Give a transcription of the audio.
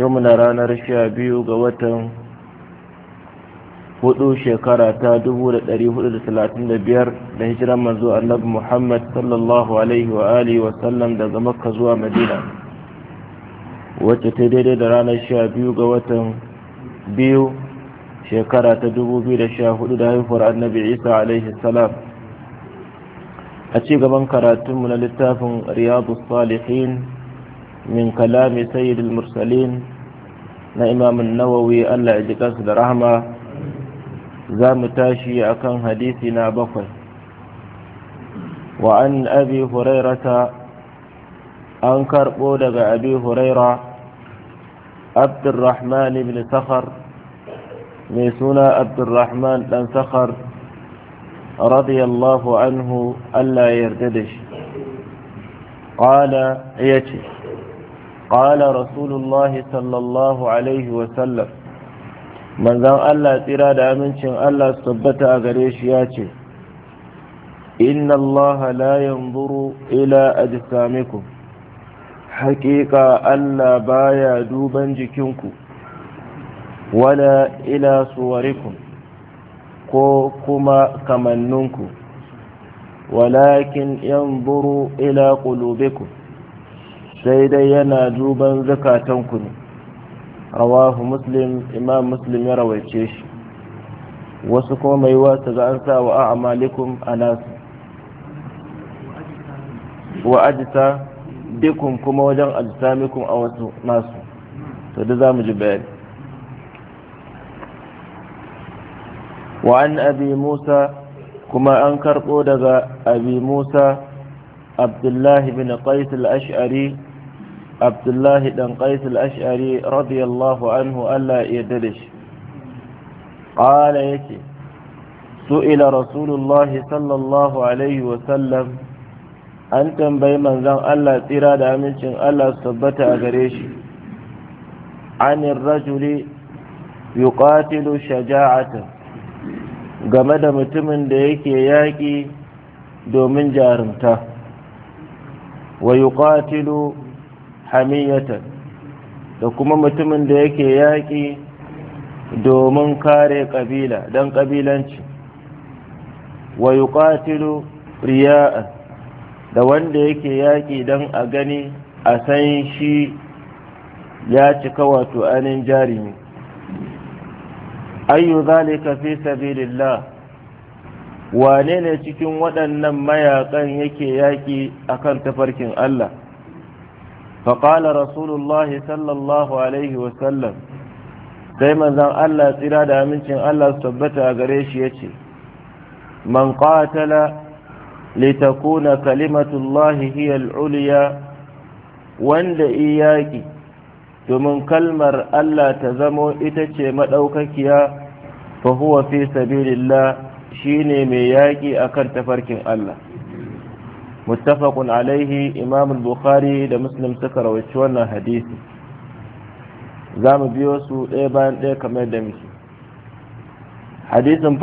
yau muna ranar sha biyu ga watan hudu shekara ta dubu da hudu da talatin da biyar da hijiran manzo annabi Muhammad sallallahu alaihi wa alihi wa sallam daga Makka zuwa Madina wacce ta daidai da ranar sha biyu ga watan biyu shekara ta dubu biyu da sha hudu da haihuwar annabi Isa alaihi salam a cigaban karatunmu na littafin Riyadu Salihin min kalami sayyidul mursalin na imamun nawawi Allah ya ji kansu da rahama za mu tashi akan hadisi na bakwai wa an abi hurairata an karɓo daga abi huraira abdurrahman ibn sakhar mai suna abdurrahman ɗan sakhar radiyallahu anhu Allah ya yarda da shi ƙala ya ce قال رسول الله صلى الله عليه manzan Allah tsira da amincin Allah su tabbata a gare shi ya ce inna Allah la yanzuru ila ajsamikum haƙiƙa Allah baya duban jikinku wala ila suwarikum ko kuma kamanninku walakin yanzuru ila qulubikum sai dai yana duban zakatanku ne rawahu muslim imam muslim ya rawaice shi wasu kuma mai wasu ga an sa wa a amalikum a nasu wa ajita dikun kuma wajen ajisamikum a wasu nasu to da za mu ji bayani wa an abi musa kuma an karɓo daga abi musa abdullahi bin qais al-ash'ari abdullahi ɗan ƙais ashari radiyallahu anhu Allah ya dade shi ƙala ya ce su'ila rasulullahi sallallahu alaihi wasallam an tambayi manzan Allah tsira da amincin Allah su tabbata a gare shi anin rajuli yuqatilu shaja'ata game da mutumin da yake yaƙi domin jarumta wa yuqatilu hamiyata da kuma mutumin da yake yaƙi domin kare ƙabila don ƙabilanci wa yuqatilu da wanda yake yaƙi don a gani a san shi ya cika wato anin jarimi ayyu zalika fi sabilillah wane ne cikin waɗannan mayakan yake yaƙi akan tafarkin Allah فقال رسول الله صلى sai manzan Allah tsira da amincin Allah su tabbata a gare shi ya ce man qatala litakuna kalimatullahi hiya al-ulya wanda iyaki domin kalmar Allah ta zamo ita ce maɗaukakiya, fa huwa fi sabilillah shine mai yaki akan tafarkin Allah muttafaqun alaihi imam al-bukhari da muslim suka rawaci wannan hadisi za mu biyo su ɗaya bayan ɗaya kamar da muke hadisin